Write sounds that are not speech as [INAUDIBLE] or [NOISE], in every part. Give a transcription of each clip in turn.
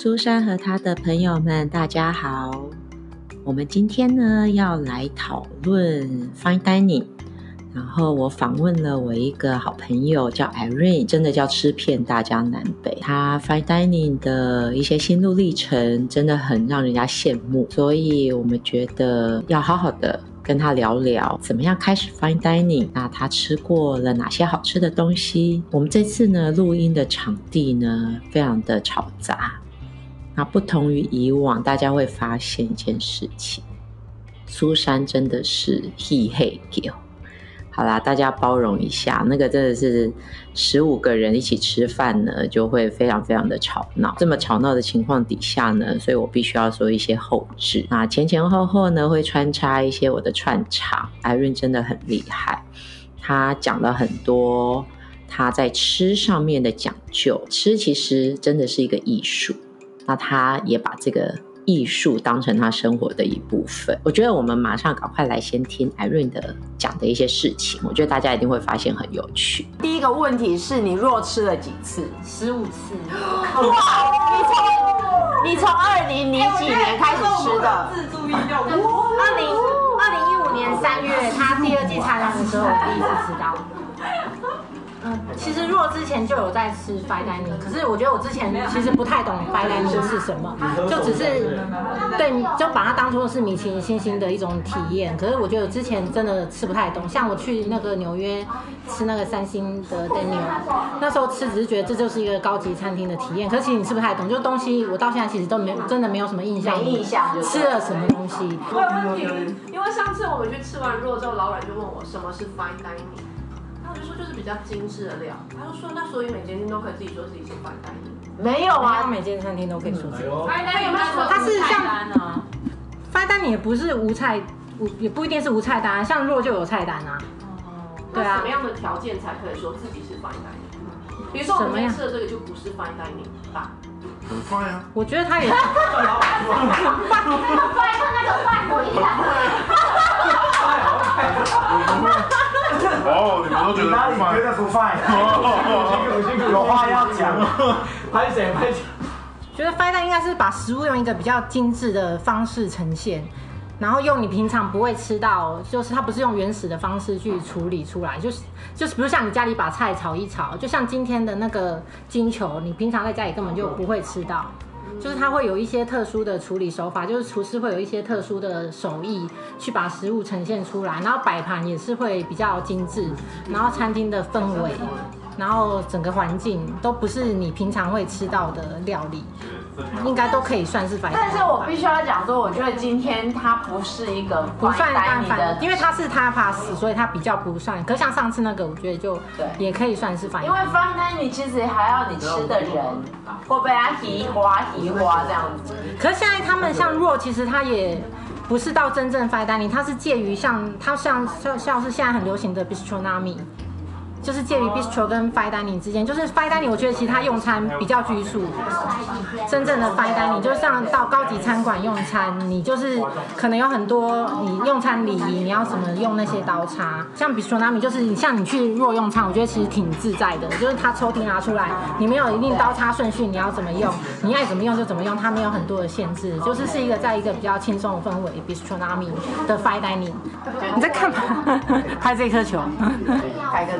蘇珊和他的朋友們，大家好。我們今天呢要來討論 fine dining。然後我訪問了我一個好朋友叫 Irene，真的叫吃遍大江南北。他 fine dining 的一些心路歷程，真的很讓人家羨慕。所以我們覺得要好好的跟他聊聊，怎麼樣開始 fine dining。那他吃過了哪些好吃的東西？我們這次呢錄音的場地呢非常的吵雜。那不同於以往，大家會發現一件事情：蘇珊真的是 he he g 好啦，大家包容一下，那個真的是十五個人一起吃飯呢，就會非常非常的吵鬧。這麼吵鬧的情況底下呢，所以我必須要說一些後置。那前前後後呢，會穿插一些我的串場。Irene 真的很厲害，他講了很多他在吃上面的講究。吃其實真的是一個藝術。那他也把這個藝術當成他生活的一部分。我覺得我們馬上趕快來先聽 Irene 的講的一些事情，我覺得大家一定會發現很有趣。第一個問題是，你弱吃了幾次？十五次。哇，你從你從二零零幾年開始吃的？自助飲料。二零二零一五年三月，他第二季參加的時候，我第一次吃到。其實若之前就有在吃 fine dining 可是我覺得我之前其實不太懂 fine dining 是什麼，就只是對，就把它當作是米其林星星的一種體驗。可是我覺得我之前真的吃不太懂，像我去那個紐約吃那個三星的 Daniel 那時候吃只是覺得這就是一個高級餐廳的體驗。可是其實你吃不太懂，就東西我到現在其實都沒有真的沒有什麼印象,沒印象，吃了什麼東西。問因為上次我們去吃完若之後，老闆就問我什麼是 fine dining 我就是、說就是比較精緻的料，他就說，那所以每間店都可以自己說自己是 fine dining？沒有啊，每間餐廳都可以說自己。他有沒有說、啊、他是像單呢？fine dining 也不是無菜，不也不一定是無菜單、啊，像肉就有菜單啊。對啊。什麼樣的條件才可以說自己是 fine dining？比如說我們這次的這個就不是 fine dining 吧很發呀、啊。我覺得他也、 [LAUGHS] 啊、 [LAUGHS] [LAUGHS] 是個不一樣。發發單就發注意了。哦、 [LAUGHS] oh，你們都覺得你哪裡覺得不 [LAUGHS] 有話要講，快講快講！覺得 fine 應該是把食物用一個比較精緻的方式呈現，然後用你平常不會吃到，就是它不是用原始的方式去處理出來，就是就是，比如像你家裡把菜炒一炒，就像今天的那個金球，你平常在家裡根本就不會吃到。就是它會有一些特殊的處理手法，就是廚師會有一些特殊的手藝去把食物呈現出來，然後擺盤也是會比較精緻，然後餐廳的氛圍，然後整個環境都不是你平常會吃到的料理。應該都可以算是 Fine Dining，但是我必須要講說，我覺得今天它不是一個、Fine Dining, 不算尼的，因為它是 tapas 所以它比較不算。可是像上次那個，我覺得就對，也可以算是 Fine Dining。因為 Fine Dining 其實還要你吃的人會被他提花提花這樣子。可是現在他們像 RAW，其實他也不是到真正 Fine Dining 他是介於像他像像像是現在很流行的 bistro nami。就是介於 bistro 跟 fine dining 之間，就是 fine dining 我覺得其他用餐比較拘束。真正的 fine dining 就是像到高級餐館用餐，你就是可能有很多你用餐禮儀，你要怎麼用那些刀叉，像 bistro nami 就是像你去若用餐，我覺得其實挺自在的，就是他抽屜拿出來，你沒有一定刀叉順序，你要怎麼用，你愛怎麼用就怎麼用，他沒有很多的限制，就是是一個在一個比較輕鬆的氛圍 bistro nami 的 fine dining。你在幹嘛？拍這顆球，拍個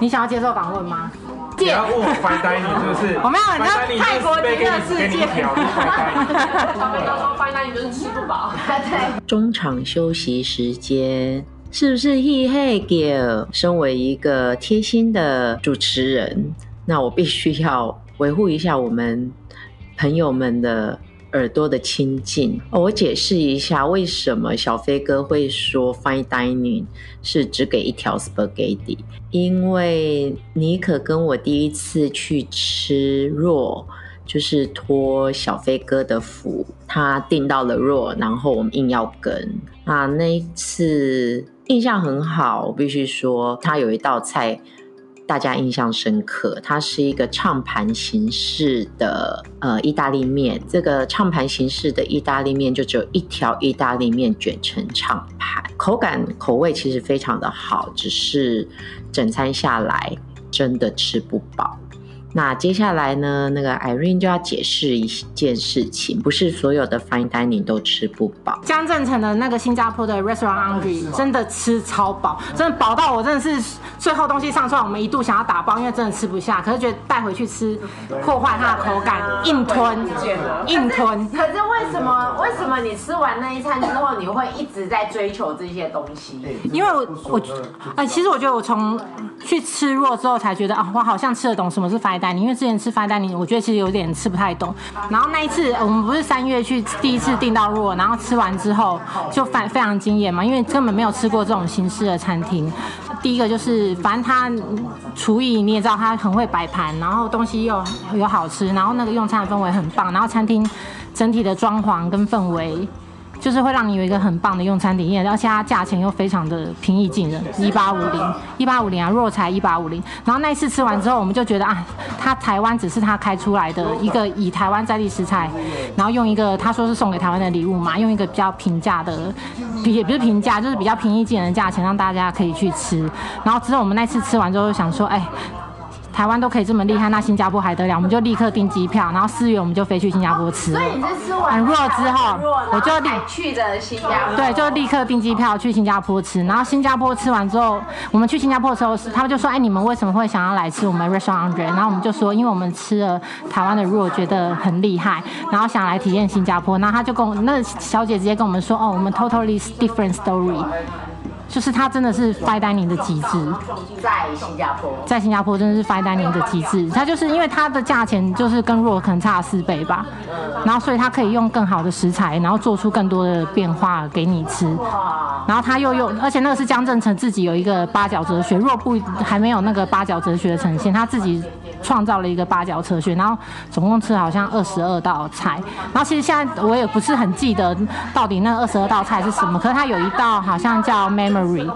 你想要接受訪問嗎？你要問我 fine dining 是不是？ [LAUGHS] [LAUGHS] 我沒有， [LAUGHS] 你知道泰國那個世界，小飛哥說 fine dining 就吃不飽。 [LAUGHS] 是 fine dining ? [LAUGHS] [LAUGHS] [LAUGHS] 中場休息時間， [LAUGHS] [LAUGHS] 是不是 he？Hey girl，身為一個貼心的主持人，那我必須要維護一下我們朋友們的耳朵的清靜。我解釋一下，為什麼小飛哥會說 fine dining 是只給一條 spaghetti。因為妮可跟我第一次去吃 RAW，就是托小飛哥的福，他訂到了 RAW，然後我們硬要跟啊，那,那一次印象很好，我必須說，他有一道菜。大家印象深刻，它是一個唱盤形式的呃意大利麵。這個唱盤形式的意大利麵就只有一條意大利麵卷成唱盤，口感口味其實非常的好，只是整餐下來真的吃不飽。那接下來呢？那個 Irene 就要解釋一件事情，不是所有的 Fine Dining 都吃不飽。江振誠的那個新加坡的 restaurant Angry 真的吃超飽，真的飽到我真的是最後東西上出來，我們一度想要打包，因為真的吃不下。可是覺得帶回去吃破壞它的口感，硬吞，硬吞。可是，是為什麼？為什麼你吃完那一餐之後，你會一直在追求這些東西？欸就是、因為我，我，哎、呃，其實我覺得我從去吃肉之後才覺得啊，我好像吃得懂什麼是 Fine。你，因為之前吃 Fine Dining，我覺得其實有點吃不太懂。然後那一次我們不是三月去第一次訂到 RAW，然後吃完之後就非非常驚艷嘛，因為根本沒有吃過這種形式的餐廳。第一個就是，反正他廚藝你也知道，他很會擺盤，然後東西又又好吃，然後那個用餐的氛圍很棒，然後餐廳整體的裝潢跟氛圍。就是會讓你有一個很棒的用餐體驗，而且它價錢又非常的平易近人，一八五零，一八五零啊，弱才一八五零。然後那一次吃完之後，我們就覺得啊，他台灣只是他開出來的一個以台灣在地食材，然後用一個他說是送給台灣的禮物嘛，用一個比較平價的，也不是平價，就是比較平易近人的價錢，讓大家可以去吃。然後之後我們那次吃完之後，想說，哎、欸。台灣都可以這麼厲害，那新加坡還得了？我們就立刻訂機票，然後四月我們就飛去新加坡吃了。哦，所以你是吃完肉之後，我就立去的新加坡，對，就立刻訂機票去新加坡吃。然後新加坡吃完之後，我們去新加坡的時候，他們就說：“哎、欸，你們為什麼會想要來吃我們 restaurant？”，Andrei? 然後我們就說：“因為我們吃了台灣的肉，覺得很厲害，然後想來體驗新加坡。”然後他就跟我那小姐直接跟我們說：“哦，我們 totally different story。”就是它真的是 Fine Dining 的極致，在新加坡，在新加坡真的是 Fine Dining 的極致。它就是因為它的價錢就是跟若可能差四倍吧，然後所以它可以用更好的食材，然後做出更多的變化給你吃。然後它又用，而且那個是江振誠自己有一個八角哲學，若不還沒有那個八角哲學的呈現，他自己。創造了一個八角車旋，然後總共吃好像二十二道菜，然後其實現在我也不是很記得到底那二十二道菜是什麼，可是它有一道好像叫 Memory，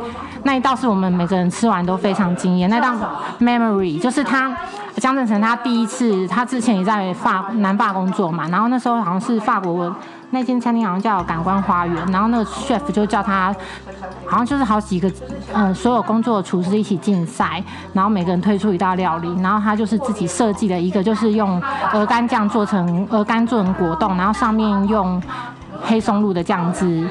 那一道是我們每個人吃完都非常驚艷，那道 Memory 就是它。江振成，他第一次，他之前也在法南法工作嘛，然後那時候好像是法國那間餐廳，好像叫感官花園，然後那個 chef 就叫他，好像就是好幾個嗯、呃、所有工作的廚師一起競賽，然後每個人推出一道料理，然後他就是自己設計了一個，就是用鵝肝醬做成鵝肝做成果凍，然後上面用黑松露的醬汁。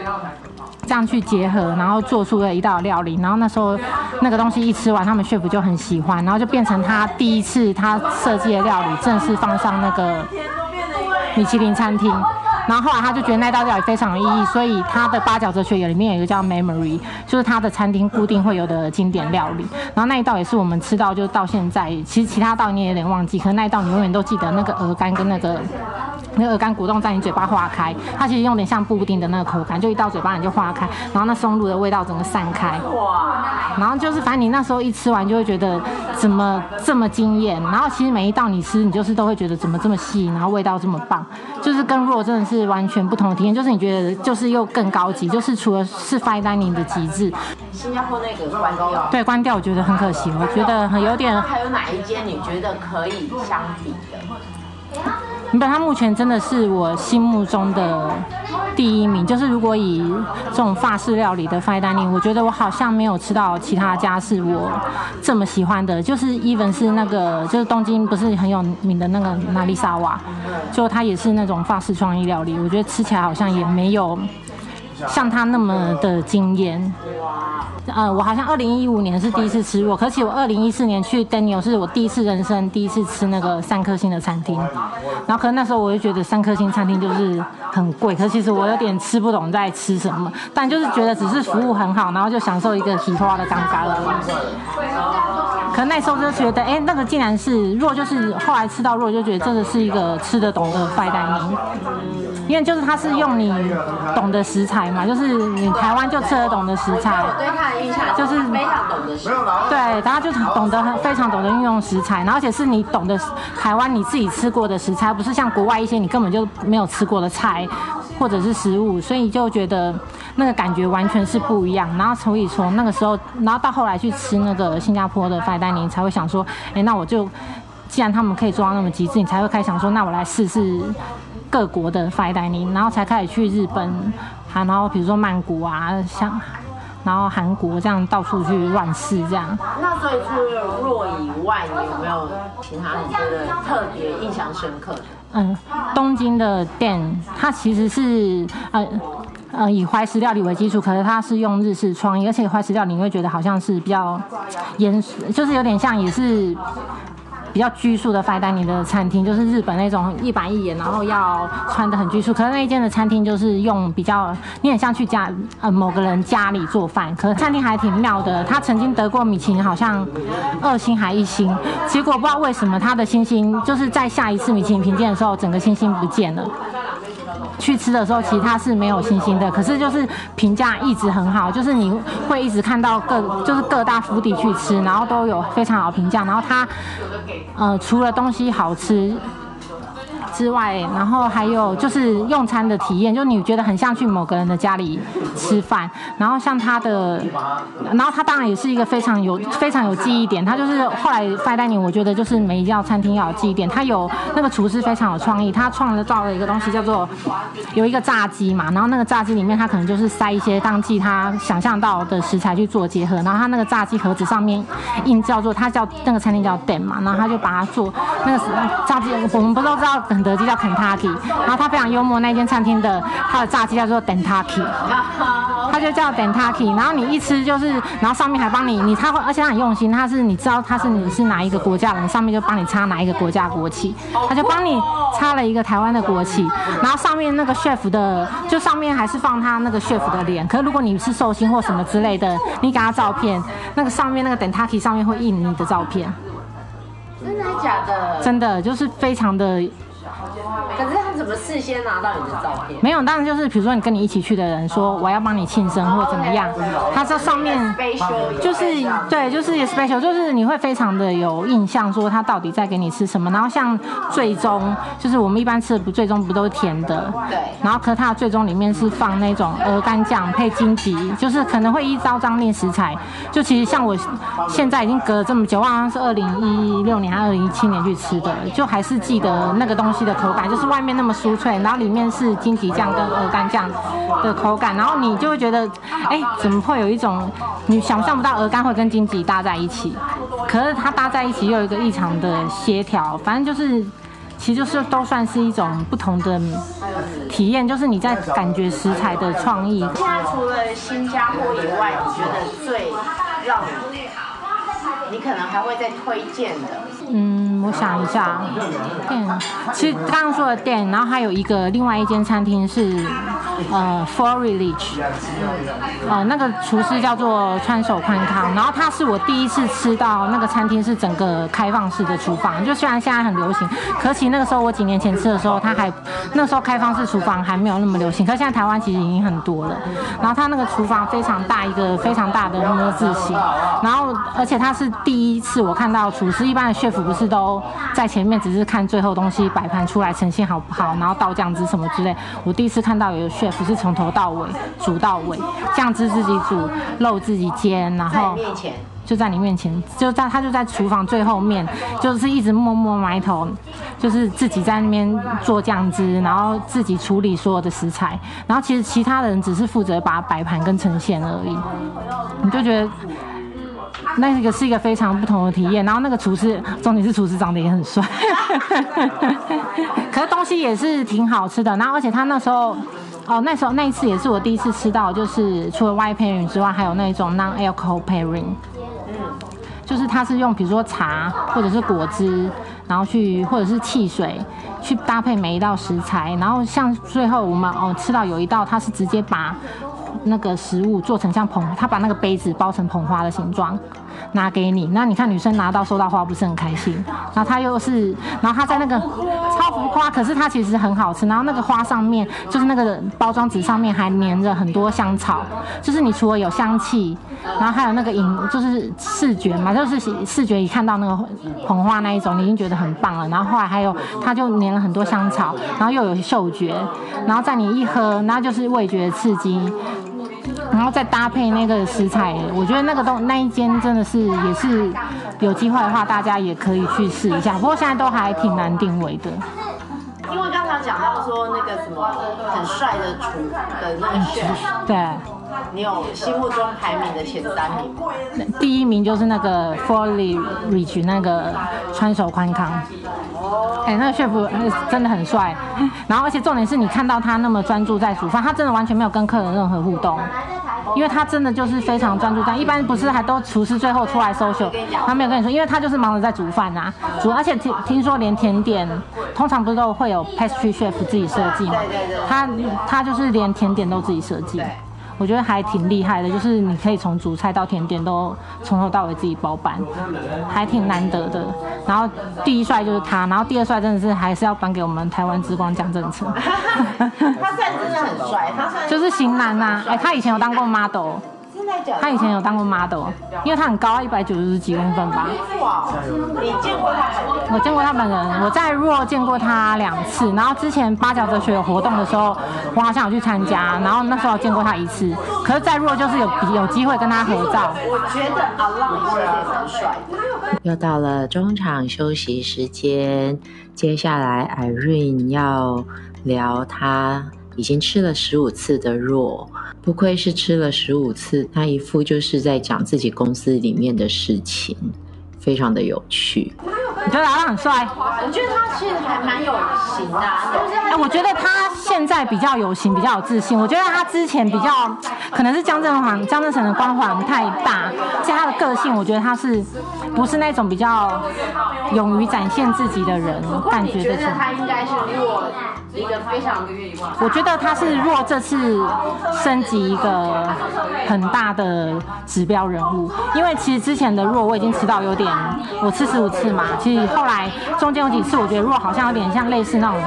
這樣去結合，然後做出了一道料理。然後那時候那個東西一吃完，他們血府就很喜歡，然後就變成他第一次，他設計的料理正式放上那個米其林餐廳。然後後來他就覺得那道料理非常有意義，所以他的八角哲學有裡面有一個叫 memory，就是他的餐廳固定會有的經典料理。然後那一道也是我們吃到，就到現在其實其他道你也有點忘記，可能那一道你永遠都記得那個鵝肝跟那個。那個鵝肝果凍在你嘴巴化開，它其實有點像布丁的那個口感，就一到嘴巴你就化開，然後那松露的味道整個散開。哇！然後就是反正你那時候一吃完就會覺得怎麼這麼驚艷，然後其實每一道你吃你就是都會覺得怎麼這麼細，然後味道這麼棒，就是跟肉真的是完全不同的體驗，就是你覺得就是又更高級，就是除了是 fine dining 的極致。新加坡那個關掉啊。對，關掉我覺得很可惜，我覺得很有點。還有哪一間你覺得可以相比的？你把他目前真的是我心目中的第一名。就是如果以這種法式料理的 fine dining，我覺得我好像沒有吃到其他家是我這麼喜歡的。就是伊文是那個，就是東京不是很有名的那個 Narisawa，就它也是那種法式創意料理，我覺得吃起來好像也沒有。像他那麼的經驗，呃，我好像二零一五年是第一次吃若，可是我二零一四年去尼爾，是我第一次人生第一次吃那個三顆星的餐廳，然後可能那時候我就覺得三顆星餐廳就是很貴，可是其實我有點吃不懂在吃什麼，但就是覺得只是服務很好，然後就享受一個洗花的尷尬了。嗯、可是那時候就覺得，哎，那個竟然是弱，就是後來吃到弱就覺得這個是一個吃得懂的壞蛋因為就是他是用你懂的食材嘛，就是你台灣就吃得懂的食材，對他印象就是他非常懂的食，對，然後就懂得很非常懂得運用食材，然後而且是你懂得台灣你自己吃過的食材，不是像國外一些你根本就沒有吃過的菜或者是食物，所以就覺得那個感覺完全是不一樣。然後所以從一那個時候，然後到後來去吃那個新加坡的 fine dining 才會想說，哎，那我就。既然他們可以做到那麼極致，你才會開始想說，那我來試試各國的 Fine Dining，然後才開始去日本、啊，然後比如說曼谷啊、像然後韓國這樣到處去亂試這樣。那所以除了若以外，你有沒有其他你覺得特別印象深刻的？嗯，東京的店，它其實是呃呃、嗯嗯、以懷石料理為基礎，可是它是用日式創意，而且懷石料理你會覺得好像是比較嚴，就是有點像也是。比較拘束的 Fine Dining 的餐廳，就是日本那種一板一眼，然後要穿得很拘束。可是那一間的餐廳就是用比較，你很像去家呃某個人家裡做飯。可是餐廳還挺妙的，他曾經得過米其林，好像二星還一星。結果不知道為什麼他的星星就是在下一次米其林評鑑的時候，整個星星不見了。去吃的時候，其實他是沒有信心的，可是就是評價一直很好，就是你會一直看到各就是各大 foodie 去吃，然後都有非常好評價，然後他呃除了東西好吃。之外，然後還有就是用餐的體驗，就你覺得很像去某個人的家裡吃飯。然後像他的，然後他當然也是一個非常有非常有記憶點。他就是後來 Fine Dining，我覺得就是每一家餐廳要有記憶點。他有那個廚師非常有創意，他創造了一個東西叫做，有一個炸雞嘛。然後那個炸雞裡面他可能就是塞一些當季他想象到的食材去做結合。然後他那個炸雞盒子上面印，叫做，他叫那個餐廳叫 Den 嘛。然後他就把它做那個炸雞，我們不都知道很。德基叫肯塔基，k y 然後它非常幽默。那間餐廳的它的炸雞叫做 d e n t u c k y 它就叫 d e n t u c k y 然後你一吃就是，然後上面還幫你，你擦，而且它很用心。它是你知道它是你是哪一個國家的，上面就幫你擦哪一個國家的國旗。他就幫你擦了一個台灣的國旗。然後上面那個 s h e f 的，就上面還是放他那個 s h e f 的臉。可是如果你是壽星或什麼之類的，你給他照片，那個上面那個 d e n t u c k y 上面會印你的照片。真的還假的？真的就是非常的。麼事先拿到你的照片沒有？當然就是，比如說你跟你一起去的人說，我要幫你慶生或怎麼樣，他、oh, okay. 在上面就是對，就是 special，就是你會非常的有印象，說他到底在給你吃什麼。然後像最終就是我們一般吃的不最終不都是甜的對，然後可他最終裡面是放那種鵝肝醬配金桔，就是可能會依照張列食材。就其實像我現在已經隔了這麼久、啊，我好像是二零一六年還是二零一七年去吃的，就還是記得那個東西的口感，就是外面那麼。酥脆，然後裡面是金桔醬跟鵝肝醬的口感，然後你就會覺得，哎，怎麼會有一種你想象不到鵝肝會跟金桔搭在一起？可是它搭在一起又有一個異常的協調，反正就是，其實就是都算是一種不同的體驗，就是你在感覺食材的創意。現在除了新加坡以外，你覺得最讓你，你可能還會再推薦的，嗯。我想一下，店，其實剛剛說的店，然後還有一個另外一間餐廳是呃 Florilège，、呃、那個廚師叫做川手寬康，然後他是我第一次吃到那個餐廳是整個開放式的廚房，就雖然現在很流行，可其那個時候我幾年前吃的時候，他還那個、時候開放式廚房還沒有那麼流行，可是現在台灣其實已經很多了。然後他那個廚房非常大，一個非常大的 L 字型，然後而且他是第一次我看到廚師一般的血府不是都。在前面只是看最後東西擺盤出來呈現好不好，然後倒醬汁什麼之類。我第一次看到有個 chef 是從頭到尾煮到尾，醬汁自己煮，肉自己煎，然後就在你面前，就在你面前，就在他就在廚房最後面，就是一直默默埋頭，就是自己在那邊做醬汁，然後自己處理所有的食材，然後其實其他人只是負責把擺盤跟呈現而已，你就覺得。那個是一個非常不同的體驗，然後那個廚師，重點是廚師長得也很帥，可是東西也是挺好吃的。然後而且他那時候，哦，那時候那一次也是我第一次吃到，就是除了 wine pairing 之外，還有那一種 non-alcohol pairing，嗯，就是他是用比如說茶或者是果汁，然後去或者是汽水去搭配每一道食材。然後像最後我們哦吃到有一道，他是直接把。那個食物做成像捧花，他把那個杯子包成捧花的形狀，拿給你。那你看女生拿到收到花不是很開心？然後他又是，然後他在那個超浮誇，可是它其實很好吃。然後那個花上面就是那個包裝紙上面還粘着很多香草，就是你除了有香氣，然後還有那個影，就是視覺嘛，就是視覺一看到那個捧花那一種，你已經覺得很棒了。然後後來還有，他就粘了很多香草，然後又有嗅覺，然後在你一喝，那就是味覺刺激。然後再搭配那個食材，我覺得那個東那一間真的是，也是有機會的話，大家也可以去試一下。不過現在都還挺難定位的，因為剛才講到說那個什麼很帥的廚的那個，對、啊，你有心目中排名的前三名？第一名就是那個 Fully Rich 那個川手寬康，哎、oh. 欸，那, chef, 那個 chef 真的很帥。然後而且重點是你看到他那麼專注在煮飯，他真的完全沒有跟客人任何互動。因為他真的就是非常專注，但一般不是還都廚師最後出來 social，他沒有跟你說，因為他就是忙着在煮飯吶、啊，煮，而且聽聽說連甜點，通常不是都會有 pastry chef 自己設計嘛，他他就是連甜點都自己設計。我覺得還挺厲害的，就是你可以從主菜到甜點都從頭到尾自己包辦，還挺難得的。然後第一帥就是他，然後第二帥真的是還是要頒給我們台灣之光江振誠。 [LAUGHS] 他現在真的很帥，他現在就是型男啊。哎、欸，他以前有當過 model。他以前有當過 model，因為他很高，一百九十幾公分吧？你見過他。我見過他本人，我在 RAW 見過他兩次，然後之前八角哲學有活動的時候，我好像有去參加，然後那時候我見過他一次。可是，在 RAW 就是有有機會跟他合照。我覺得 Aline 也很帥。又到了中場休息時間，接下來 Irene 要聊他。已經吃了十五次的肉，不愧是吃了十五次，那一副就是在講自己公司裡面的事情，非常的有趣。你覺得他很帥？我覺得他其實還蠻有型的。哎、啊、欸，我覺得他現在比較有型，比較有自信。我覺得他之前比較可能是江振華、江振成的光環太大，所以他的個性，我覺得他是不是那種比較勇於展現自己的人？感、嗯、覺得他應該是弱一、嗯、一個非常願意我覺得他是弱這次升級一個很大的指標人物，因為其實之前的弱我已經吃到有點，我吃十五次嘛。後來中間有幾次，我覺得如果好像有點像類似那種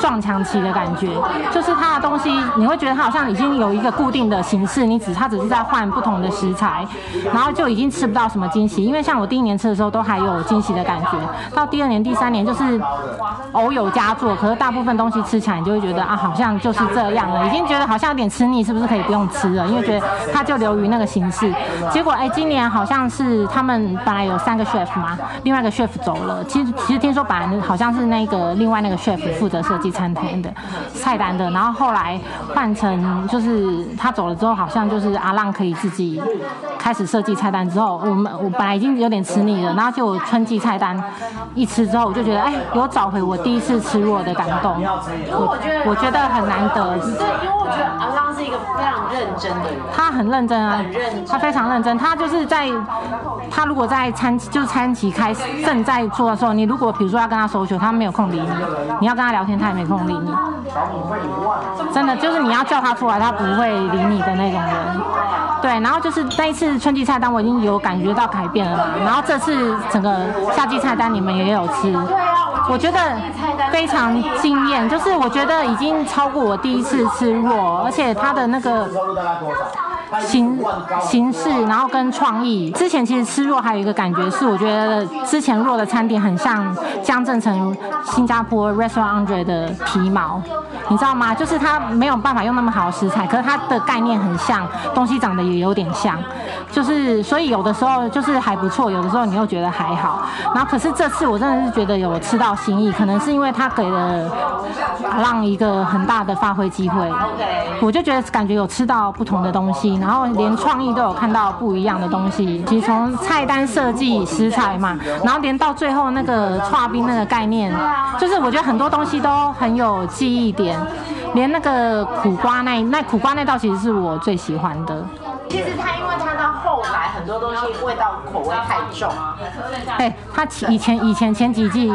撞牆期的感覺，就是它的東西你會覺得它好像已經有一個固定的形式，你只它只是在換不同的食材，然後就已經吃不到什麼驚喜。因為像我第一年吃的時候都還有驚喜的感覺，到第二年、第三年就是偶有佳作，可是大部分東西吃起來你就會覺得啊，好像就是這樣了，已經覺得好像有點吃膩，是不是可以不用吃了？因為覺得它就流於那個形式。結果哎、欸，今年好像是他們本來有三個 chef 嘛？另外一個 chef 走。其實其實聽說本來好像是那個另外那個 chef 負責設計餐廳的菜單的，然後後來換成，就是他走了之後，好像就是阿浪可以自己開始設計菜單之後，我們我本來已經有點吃膩了，然後就春季菜單一吃之後，我就覺得哎、欸，有找回我第一次吃我的感動，因為我覺得我覺得很難得，只是因為我覺得阿浪是一個非常認真的人，他很認真啊，他非常認真，他就是在他如果在餐就是餐期開始正在。錯的時候，你如果比如說要跟他索取，他沒有空理你；你要跟他聊天，他也沒空理你。真的就是你要叫他出來，他不會理你的那種人。對，然後就是那一次春季菜單，我已經有感覺到改變了嘛。然後這次整個夏季菜單你們也有吃，我覺得非常驚艷，就是我覺得已經超過我第一次吃過，而且他的那個。形形式，然後跟創意。之前其實吃肉還有一個感覺是，我覺得之前肉的餐點很像江振誠新加坡 Restaurant Andre 的皮毛，你知道嗎？就是它沒有辦法用那麼好的食材，可是它的概念很像，東西長得也有點像。就是，所以有的時候就是還不錯，有的時候你又覺得還好。然後可是這次我真的是覺得有吃到新意，可能是因為他給了阿浪一個很大的發揮機會。我就覺得感覺有吃到不同的東西，然後連創意都有看到不一樣的東西。其實從菜單設計、食材嘛，然後連到最後那個跨冰那個概念，就是我覺得很多東西都很有記憶點。連那個苦瓜那那苦瓜那道其實是我最喜歡的。其實他因為他。來很多東西味道口味太重啊。哎、欸，他以前以前前幾季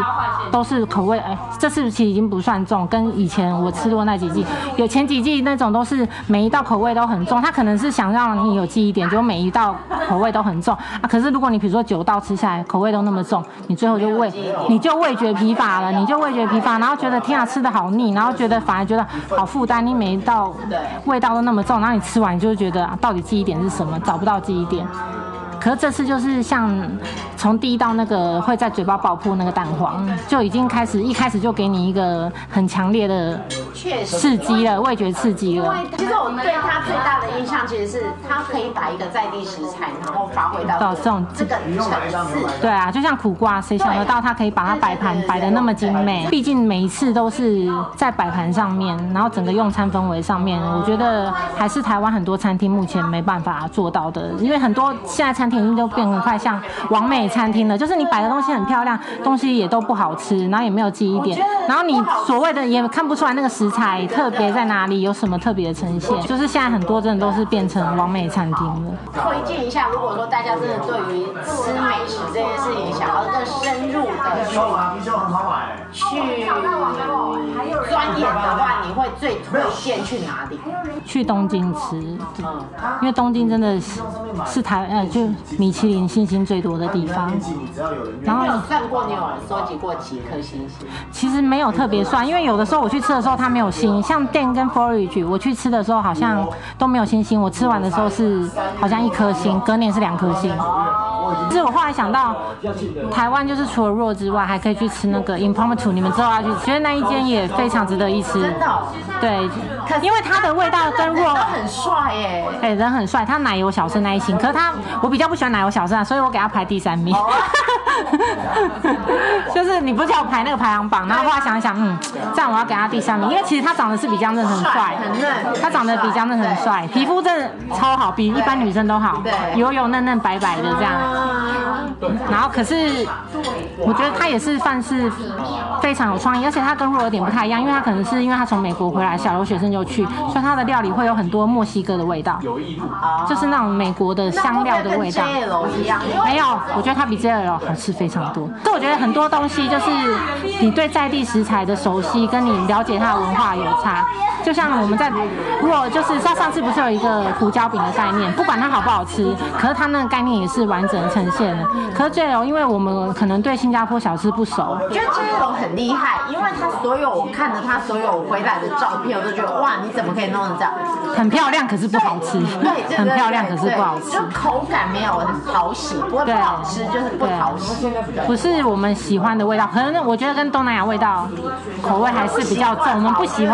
都是口味哎、欸，這次其實已經不算重，跟以前我吃過那幾季有前幾季那種都是每一道口味都很重，他可能是想讓你有記憶點，就每一道口味都很重啊。可是如果你比如說九道吃下來口味都那麼重，你最後就味你就味覺疲乏了，你就味覺疲乏，然後覺得天啊吃的好膩，然後覺得反而覺得好負擔，你每一道味道都那麼重，然後你吃完你就覺得、啊、到底記憶點是什麼？找不到記憶點。可是這次就是像從第一道那個會在嘴巴爆破那個蛋黃，就已經開始一開始就給你一個很強烈的。刺激了味覺，刺激了。其實我對他最大的印象，其實是、嗯、他可以擺一個在地食材，然後發揮到、這個、這種這個層次。對啊，就像苦瓜，誰想得到他可以把它擺盤擺的那麼精美？對對對對對對對。畢竟每一次都是在擺盤上面，然後整個用餐氛圍上面、嗯，我覺得還是台灣很多餐廳目前沒辦法做到的。因為很多現在餐廳已經都變很快像網美餐廳了，就是你擺的東西很漂亮，東西也都不好吃，然後也沒有記憶點，然後你所謂的也看不出來那個食材。菜特別在哪裡？有什麼特別的呈現？就是現在很多真的都是變成完美餐廳了，、啊、了，了，了。推薦一下，如果說大家真的對於吃美食這件事情想要更深入的去，去鑽研的話，你會最推薦去哪裡？去東京吃，因為東京真的是是台呃就米其林星星最多的地方。有然後你有算過你有收集過幾顆星星？其實沒有特別算，因為有的時候我去吃的時候他們。沒有星，像店跟 Forage，我去吃的時候好像都沒有星星。我吃完的時候是好像一顆星，隔年是兩顆星。就是我後來想到，台灣就是除了 Ro 之外，還可以去吃那個 Impromptu，你們之後要去吃，覺得那一間也非常值得一吃。對，因為它的味道跟 Ro 很帥哎哎，人很帥，他奶油小生那一型。可是他我比較不喜歡奶油小生啊，所以我給他排第三名。 [LAUGHS] 就是你不是要排那個排行榜，然後後來想一想，嗯，這樣我要給他第三名。因為其實他長得是比江正很，很帥，很嫩。他長得比江正很帥，皮膚真的超好，比一般女生都好，對對，油油嫩嫩白白的這樣。啊嗯、然後可是，我覺得它也是算是非常有創意，而且它跟若有點不太一樣，因為它可能是因為他從美國回來，小留學生就去，所以它的料理會有很多墨西哥的味道，就是那種美國的香料的味道。沒有，我覺得它比若爾好吃非常多。所以我覺得很多東西就是你對在地食材的熟悉，跟你了解它的文化有差。就像我們在如果就是像上次不是有一個胡椒餅的概念，不管它好不好吃，可是它那個概念也是完整的呈現了。可是 Irene、哦，因為我們可能對新加坡小吃不熟，我覺得 Irene 很厲害，因為他所有我看着他所有回來的照片，我都覺得哇，你怎麼可以弄得這樣？很漂亮，可是不好吃。對，對很漂亮，可是不好吃。就口感沒有很討喜，不會不好吃，就是不討喜，不是我們喜歡的味道，可能我覺得跟東南亞味道口味還是比較重，我們不喜歡。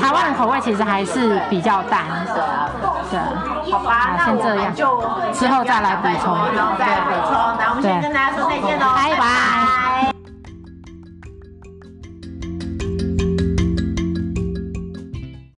台灣的口味其實還是比較淡。的。對，對，對，對，對好吧，那、啊、先這樣就，之後再來補充。對。我們先跟大家說再見嘍，嗯，拜拜。拜拜。